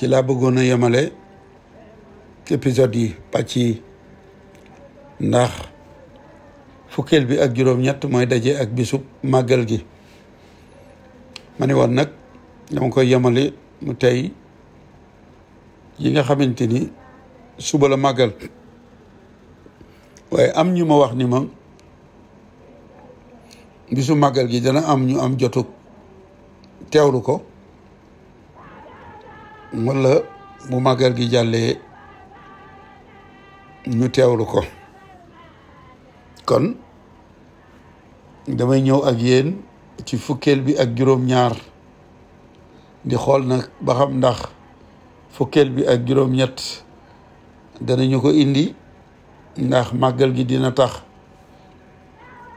ci laa bëggoon a yemale épisode yi pàcc yi ndax fukkeel bi ak juróom-ñett mooy daje ak bisub màggal gi ma ne woon nag dama koy yemale mu tey yi nga xamante ni suba la màggal waaye am ñu ma wax ni ma bisu màggal gi dana am ñu am jotuk teewlu ko wala bu màggal gi jàllee ñu teewlu ko kon damay ñëw ak yéen ci fukkeel bi ak juróom-ñaar di xool na ba xam ndax fukkeel bi ak juróom-ñett danañu ko indi ndax màggal gi dina tax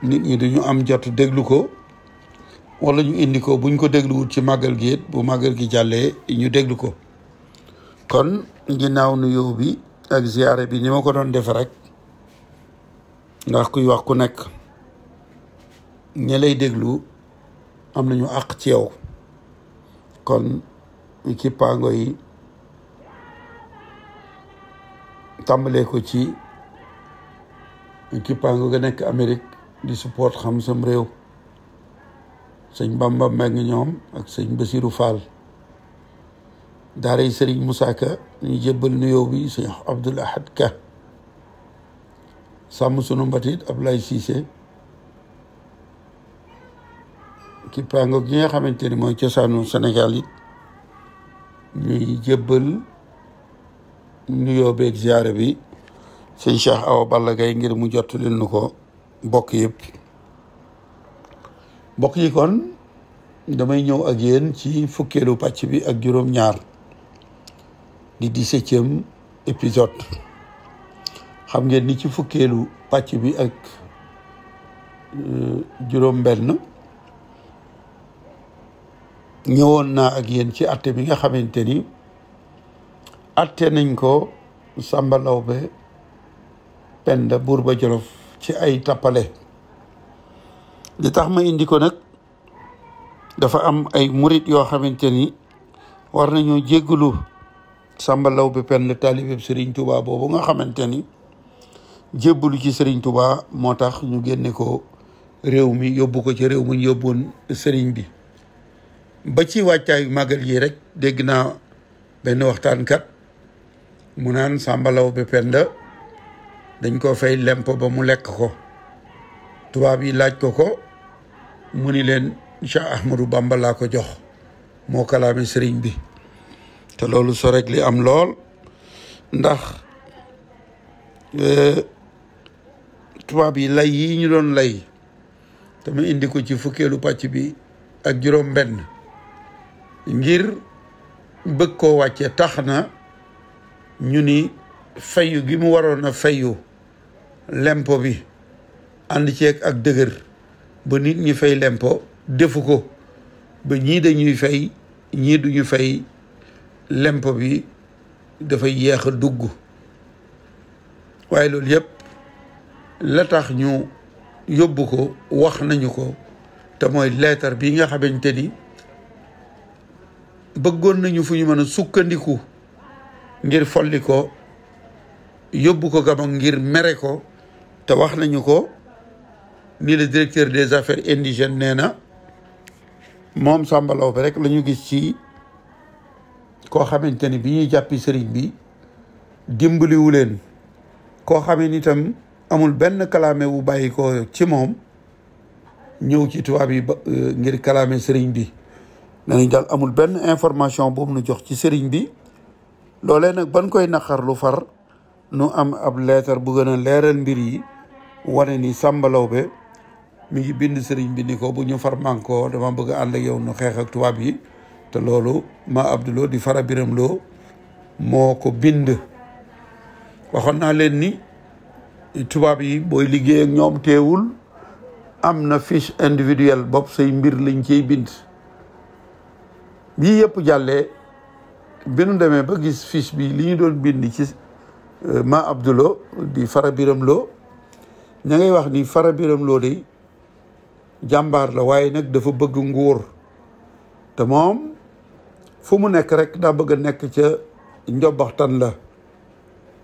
nit ñi duñu am jot déglu ko wala ñu indi ko buñ ko dégluwut ci màggal gi it bu màggal gi jàllee ñu déglu ko kon ginnaaw nuyoo bi ak ziyaare bi ni ma ko doon defe rek ndax kuy wax ku nekk ña déglu am na ñu àq ci yow kon ci pango yi tàmbalee ko ci kippaango ga nekk Amérique di support xam sam réew sëñ Bamba Mbengue ñoom ak sëñ Basirou Fall daaray sëriñ Moussa Ka ñu jébbal nuyoo bi sëñ Abdoul Ahad Ka sàmm sunu mbatit Ablaye Cissé kippaango gi nga xamante ni mooy cosaanu senegal it ñuy jébbal nuyoo beeg ziyaare bi sëñ Cheikh Awa Balla Gaye ngir mu jottali nu ko mbokk yëpp mbokk yi kon damay ñëw ak yéen ci fukkeelu pacc bi ak juróom-ñaar di dix-septième épisode xam ngeen ni ci fukkeelu pàcc bi ak euh, juróom-benn ñëwoon naa ak yéen ci atte bi nga xamante ni atte nañ ko Samba Lawbe Penda ba Jolof ci ay tappale li tax ma indi ko nag dafa am ay murit yoo xamante ni war nañoo jéggalu Samba Laobé Pène taalibeeb Serigne Touba boobu nga xamante ni jébbalu ci sëriñ Touba moo tax ñu génne ko réew mi yóbbu ko ci réew mi ñu yóbboon Serigne bi ba ci wàccaayu màggal yi rek dégg naa benn waxtaankat mu naan Samba Laobé Pène dañ ko fay lemp ba mu lekk ko tubaab yi laaj ko ko mu ni leen Cheikh Ahmadou Bamba laa ko jox moo kalaame sëriñ bi te loolu so rek li am lool ndax e, tubaab yi lay yi ñu doon lay te mu indi ko ci fukkeelu pàcc bi ak juróom benn ngir bëgg koo wàcce tax na ñu ni fayu gi mu waroon a fayu lempo bi ànd ceeg ak dëgër ba nit ñi fay lempo defu ko ba ñii dañuy fay ñii duñu fay lempo bi dafay yéex a dugg waaye loolu yëpp la tax ñu yóbbu ko wax nañu ko te mooy leetar bi nga xamante ni bëggoon nañu fu ñu mën a sukkandiku ngir folli ko yóbbu ko gabon ngir mere ko te wax nañu ko lii la directeur des affaires indigene nee na moom Samba Laobé rek la gis ci koo xamante ni bi ñuy jàppi sëriñ bi dimbaliwu leen koo xamee ni itam amul benn kalaame wu bàyyi ko ci moom ñëw ci tubaab yi euh, ngir kalaame sëriñ bi danañ daal amul benn information boobu nu jox ci sëriñ bi loolee nag ban koy naqar lu far nu am ab leetar bu gën a leeral mbir yi wane ni Samba Laobé mi ngi bind sëriñ bi ko bu ñu far mànkoo dama bëgg ànd ak yow nu xeex tubaab yi te loolu ma abduloo di fara biram loo moo ko bind waxoon naa leen ni tubaab yi booy liggéey ak ñoom teewul am na fiche individuelle bopp say mbir lañ ciy bind bii yëpp jàllee bi nu demee ba gis fiche bi li ñu doon bind ci euh, ma abduloo di fara biram loo ña ngay wax ni fara biram loo day jàmbaar la waaye nag dafa bëgg nguur te moom fu mu nekk rek daa bëgg a nekk ca njobaxtan la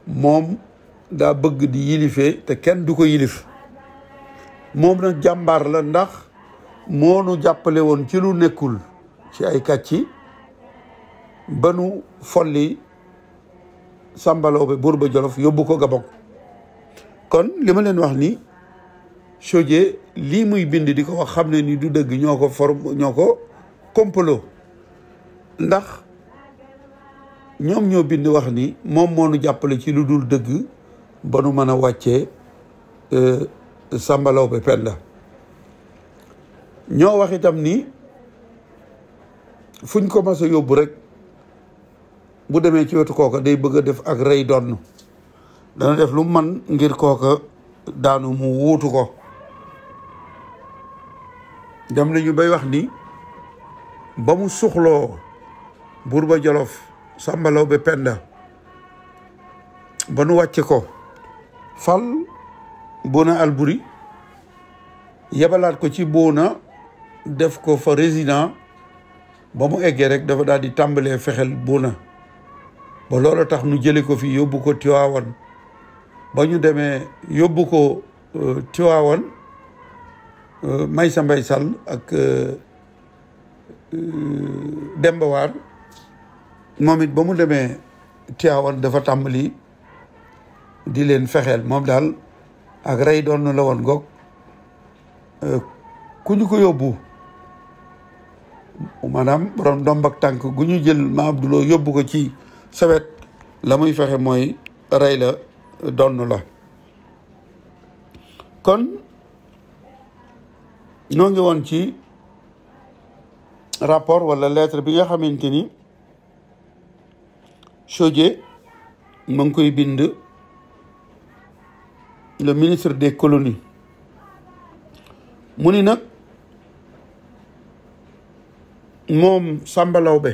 moom daa bëgg di yilife te kenn du ko yilif moom na jàmbaar la ndax moonu jàppale woon ci lu nekkul ci ay kàcci ba nu folli Samba Laobé buur ba Jolof yóbbu ko Gabon kon li ma leen wax ni Chaudié lii muy bind di ko wax xam ne ni du dëgg ñoo ko form ñoo ko complot ndax ñoom ñoo bind wax ni moom moo nu jàppale ci lu dul dëgg ba nu mën a wàccee euh, Samba Laobé Penda ñoo wax itam ni fuñ ko mas yóbbu rek bu demee ci wetu kooka day bëgg a def ak rey donn dana def lu man ngir kooka daanu mu wuutu ko dem nañu bay wax ni ba mu suuxloo buur ba jolof Samba ba Penda ba nu wàcce ko fal Bouna alburi yebalaat ko ci Bouna def ko fa résident ba mu eggee rek dafa daal di tàmbalee fexel Bouna ba loola tax nu jële ko fii yóbbu ko Tiwaawan ba ñu demee yóbbu ko euh, Tiwaawan Maysa Mbaye Sall ak eh, Demba War moom it ba mu demee Tiwaawan dafa tàmbali di leen fexeel moom daal ak rey doon na la woon goog eh, ku ñu ko yóbbu maanaam borom ndomb ak tànk gu jël ma Abdouloo yóbbu ko ci sawet la muy fexe mooy rey la donn la kon noo ngi woon ci rapport walla lettre bi nga xamante ni Chaudié ma ngi koy bind le ministre des colonies mu ni nag moom Samba Laobé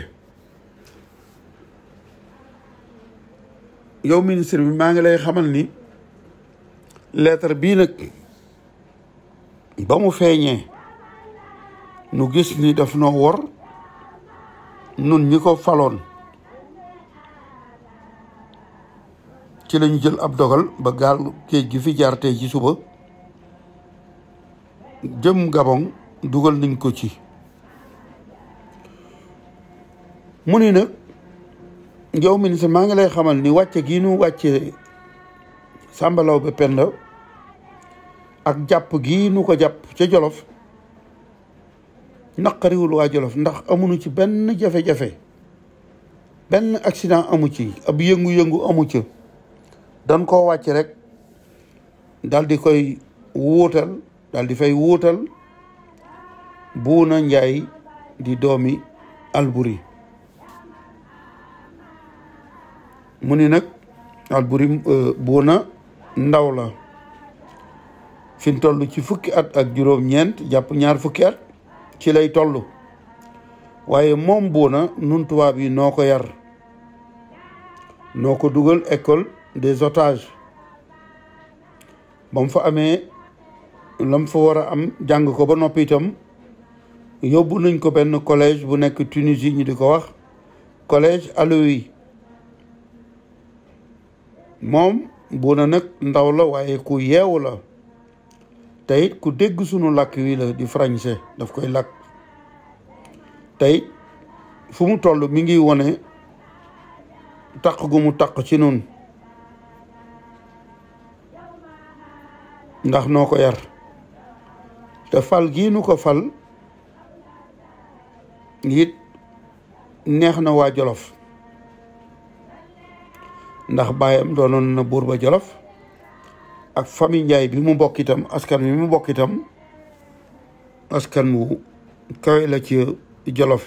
yow ministre bi maa ngi lay xamal ni lettre bii nag ba mu feeñee nu gis ni def noo wor nun ñi ko faloon ci lañu jël ab dogal ba gaal géej gi fi jaar tey ci suba jëm Gabon dugal niñ ko ci mu ni nag yow ministre maa ngi lay xamal ni wàcce gii nu wàcce Samba Laobé Penda ak japp gi nu ko jàpp ca jolof naqariwul waa jolof ndax amuñu ci benn jafe-jafe benn accident amu ci ab yëngu-yëngu amu ci dan koo wàcc rek dal di koy wuutal dal di fay wuutal buuna njaay di doomi alburi mu ni nag alburi euh, buuna ndaw la fi tollu ci fukki at ak juróom-ñeent jàpp ñaar fukki at ci lay tollu waaye moom Bouna nun tubaab yi yar noo ko école des otages ba mu fa amee lam fa war a am jàng ko ba noppi itam yóbbu ko collège bu nekk Tunisie ñu di wax collège tey ku dégg sunu làkk wi la di français daf koy làkk tey fu mu toll mi ngi wone taq gu mu taq ci nun ndax noo ko yar te fal gii nu ko fal it neex na waa Jolof ndax baayam doonoon na buur ba Jolof ak famille Ndiaye bi mu mbokkitam askan wi mu mbokk itam askan wu kawe la ci Jolof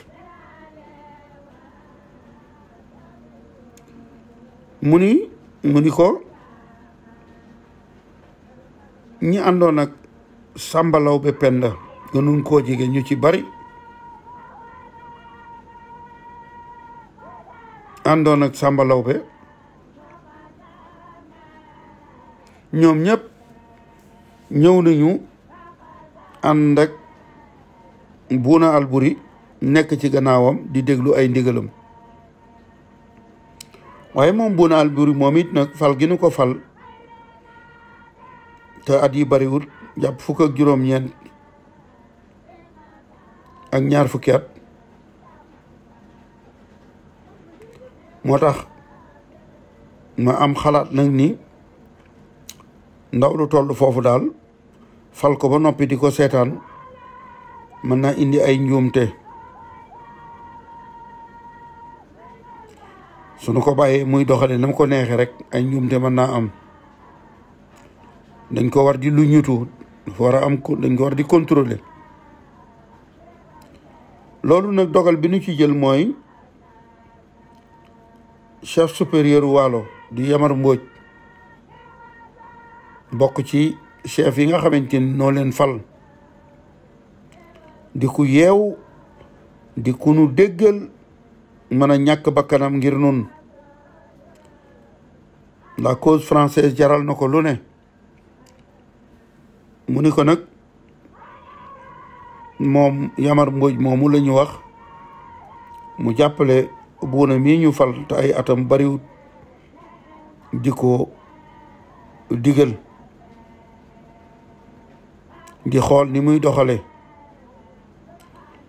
mu ni ko ñi àndoon ak Sàmba Lawbe Penda gënuñ koo jege ñu ci bari àndoon ak Sàmba ñoom ñëpp ñëw nañu ànd ak Buuna Alburi nekk ci gannaawam di déglu ay ndigalam waaye moom Buuna Alburi moom it nag fal gi nu ko fal te at yi bariwul jàpp fukk ak juróom-ñeent ak ñaar fukki at moo ma am xalaat nag ni ndaw lu toll foofu daal fal ko ba noppi di ko seetaan mën naa indi ay njuumte sunu ko bàyyee muy doxale na mu ko neexee rek ay njuumte mën naa am dañ ko war di lu ñutu dafa war a am dañ ko war di contrôler loolu nag dogal bi nu ci jël mooy chef supérieur waalo di Yamar Mbodj bokk ci chef yi nga xamante ni noo leen fal di ku yeew di ku nu déggal mana a ñàkk bakkanam ngir nun la cause française jaral na ko lu ne mu ni ko nag moom Yamar Mbodj moomu la ñu wax mu jàppale buuna mii ñu fal te ay atam bariwut di ko digal di xool ni muy doxale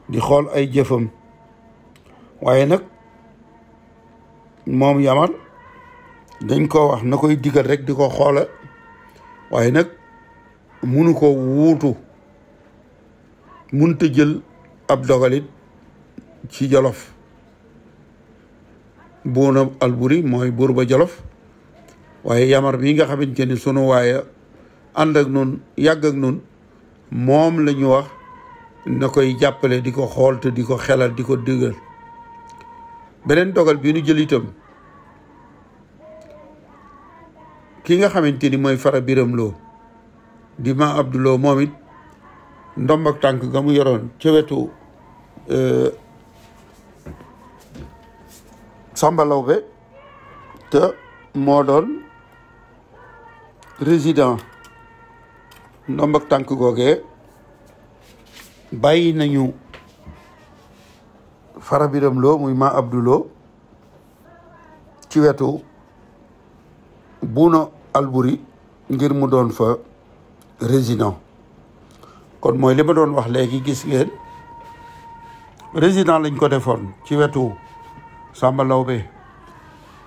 di xool ay jëfam waaye nag moom yamal dañ ko wax na koy diggal rekk di ko xoole waaye nag munu ko wuutu munta jël ab dogalit ci jolof buuna alburi mooy buur ba jolof waaye yamar bii nga xamante ni sunu waaye ànd ak nun yàgg ak nun moom la ñu wax na koy jàppale di ko xool te di ko xelal di ko dëggal beneen dogal bi nu jël itam ki nga xamante ni mooy Fara Biram Lo di ma Abdouloo moom it ndomb tànk nga mu yoroon ca wetu euh, Samba Lawbe te moo doon résident ndomb ak tànk googee bàyyi nañu farabiram loo muy maa ma abduloo ci wetu buuna alburi ngir mu doon fa résident kon mooy li ma doon wax léegi gis ngeen résident lañ ko defoon ci wetu Samba Lawbe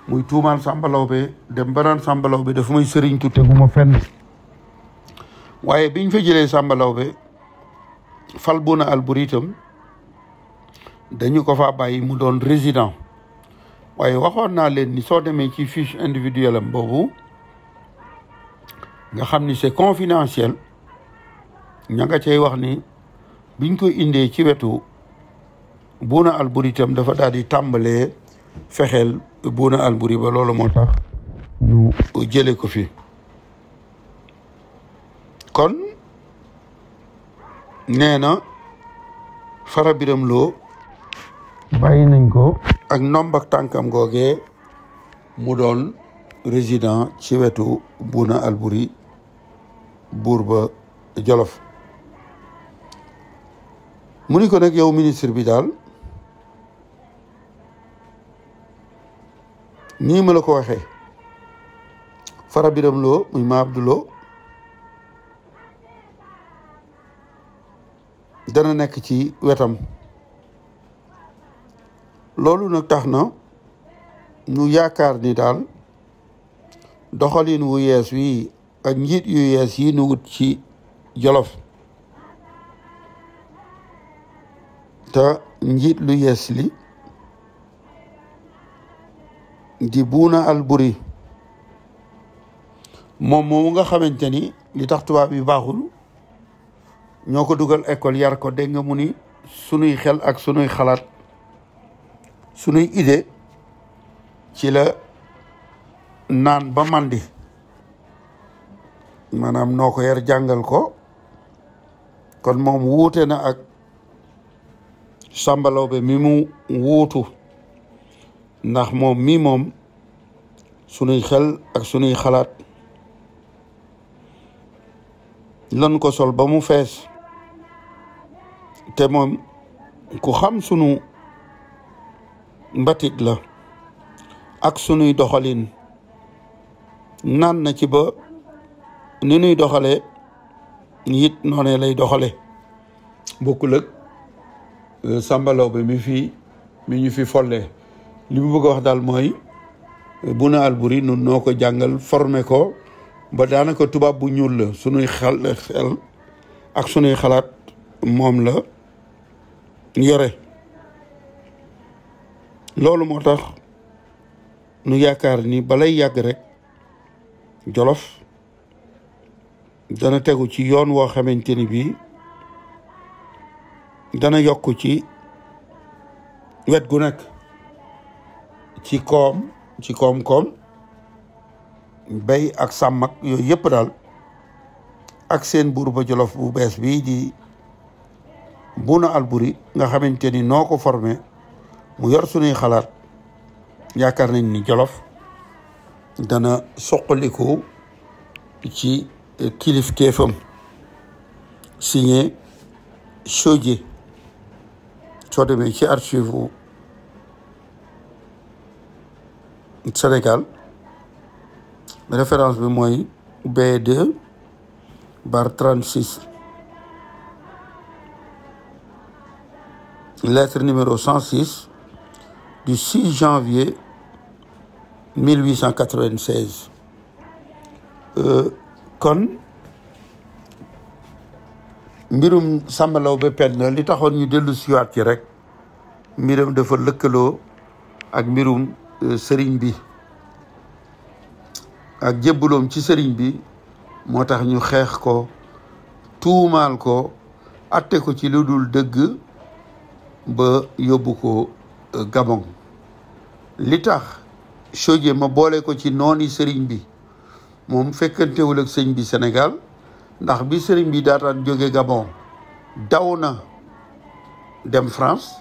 muy tuumaan Samba Lawbe dem banaan Samba Lawbe dafa may sëriñtu teguma fenn waaye biñ fa jëlee Samba bi fal Bouna Alboury itam dañu ko fa bàyyi mu doon résident waaye waxoon naa leen ni soo demee ci fiche individuelle am boobu nga xam ni c'est confidentiel ña nga cay wax ni biñ ko indee ci wetu Bouna Alboury itam dafa daal di tàmbalee fexeel Bouna Alboury ba loolu moo tax ñu jëlee ko fii kon nee na Fara Biram Lo bàyyi nañ ko ak nombak tànkam googee mu doon résident ci wetu Buuna Alburi buur ba Jolof mu ni ko nag yow ministre bi daal nii ma la ko waxee Fara Biram Lo muy ma Abdu dana nek ci wetam lolou nak taxna ñu yaakaar ni dal doxalin wu yes wi ak njit yu yes yi nu wut ci Jolof ta njit lu yes li di Buuna Alburi mom mo nga xamanteni li tax tuba bi baxul ñoo ko dugal école yar ko dégg nga mu ni sunuy xel ak sunuy xalaat sunuy idée ci la naan ba màndi maanaam noo ko yar jàngal ko kon moom wuute na ak Samba be mi mu wuutu ndax moom mi moom sunuy xel ak sunuy xalaat lan ko sol ba mu fees te moom ku xam sunu mbatit la ak sunuy doxaliin naan na ci ba ni nuy doxalee it noonee lay doxale bokkul ak euh, sàmbalaw bi mi fi mi ñu fi follee li mu bëgg a wax daal mooy euh, Bouna Alboury nun noo ko jàngal forme ko ba daanaka tubaab bu ñuul la sunuy xel ak sunuy xalaat moom la yore loolu moo tax nu yaakaar ni balay yàgg rek jolof dana tegu ci yoon woo xamante ni bii dana yokk ci wet gu nekk ci koom ci koom-koom bay ak sàmmak ak yooyu yëpp daal ak seen buur ba jolof bu bees bii di al Alburi nga xamante ni noo ko formé mu yor suñuy xalaat yaakaar nañ ni Jolof dana soqaliku ci kilif teefam signé Chaudié soo demee ci archive Sénégal référence bi mooy B2 bar 36 lettre numéro 106 du 6 janvier 1896. Euh, kon mbirum Samba l'État Penn li taxoon ñu dellu siwaat ci rek a dafa lëkkaloo ak mbirum euh, sëriñ bi ak jébbaloom ci sëriñ bi moo ñu xeex ko tuumaal ko atte ko ci lu ba yóbbu ko euh, Gabon li tax Chogué ma boole ko ci nooni sëriñ bi moom fekkantewul ak sëñ bi Sénégal ndax bi sëriñ bi daataan jóge Gabon daw na dem France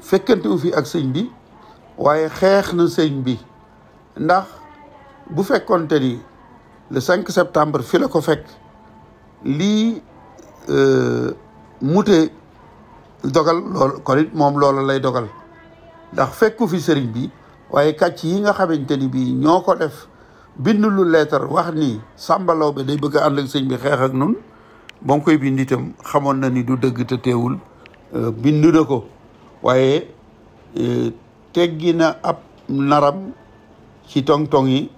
fekkantewu fi ak sëñ bi waaye xeex na sëñ bi ndax bu fekkonte ni le cinq septembre fi la ko fekk lii euh, mute dogal loolu kon it moom loola lay dogal ndax fekku fi sëriñ bi waaye kàcc yi nga xamante ni bii ñoo ko def bind lu leetar wax ni Samba Laobé day bëgg a ànd ak sëñ bi xeex ak nun ba mu koy bind itam xamoon na ni du dëgg te teewul euh, bind na ko waaye euh, teggi na ab naram ci tong-tong yi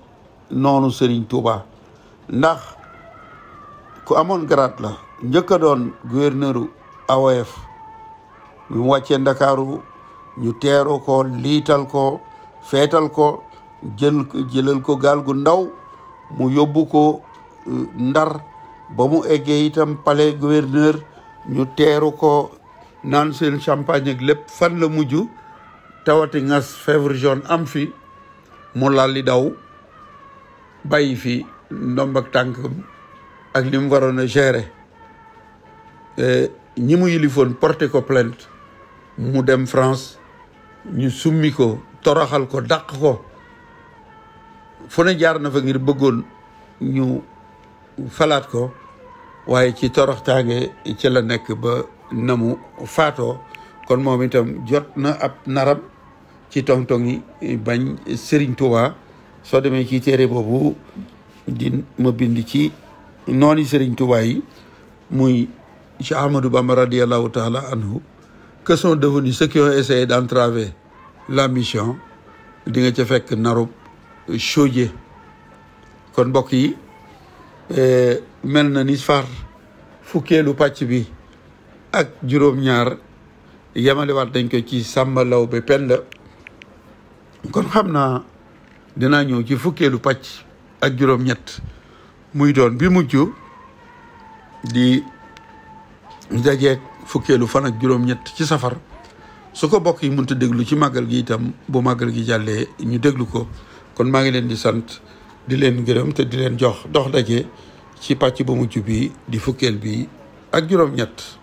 noonu sëriñ Touba ndax ku amoon garaat la njëkk a doon gouverneuru AOF bi mu wàccee ndakaaru ñu teeru ko liital ko feetal ko jël ko gaal gu ndaw mu yóbbu ko euh, ndar ba mu eggee itam palais gouverneur ñu teeru ko naan seen champagne ak lépp fan la mujj tawati ngas fièvre jaune am fi mu laal li daw bàyyi fi ndomb ak ak li mu waroon a gérer ñi mu ko plainte mu dem France ñu summi ko toroxal ko dàq ko fu ne jaar na fa ngir bëggoon ñu falaat ko waaye ci torox toroxtaange ci la nekk ba na mu faatoo kon moom itam jot na ab naram ci tongtong yi bañ Serigne Touba soo demee ci téere boobu di ma bind ci nooni Serigne Touba yi muy ci Ahmadou Bamba radiallahu taala anhu que sont devenus ceux qui ont essayé d'entraver la mission di nga ca fekk narub chaudie kon mbokk yi eh, mel na ni far fukelu patch bi ak ñaar wat dañ ko ci Samba be kon xamna dina ñew ci fukelu patch ak ñet muy doon bi muccu di Fukelu fan ak juróom-ñett ci safar su ko bokk yi mënta déglu ci màggal gi itam bu màggal gi jàllee ñu déglu ko kon maa ngi leen di sant di leen gërëm te di leen jox dox daje ci pàcc ba mujj bi di fukkeel bi ak juróom-ñett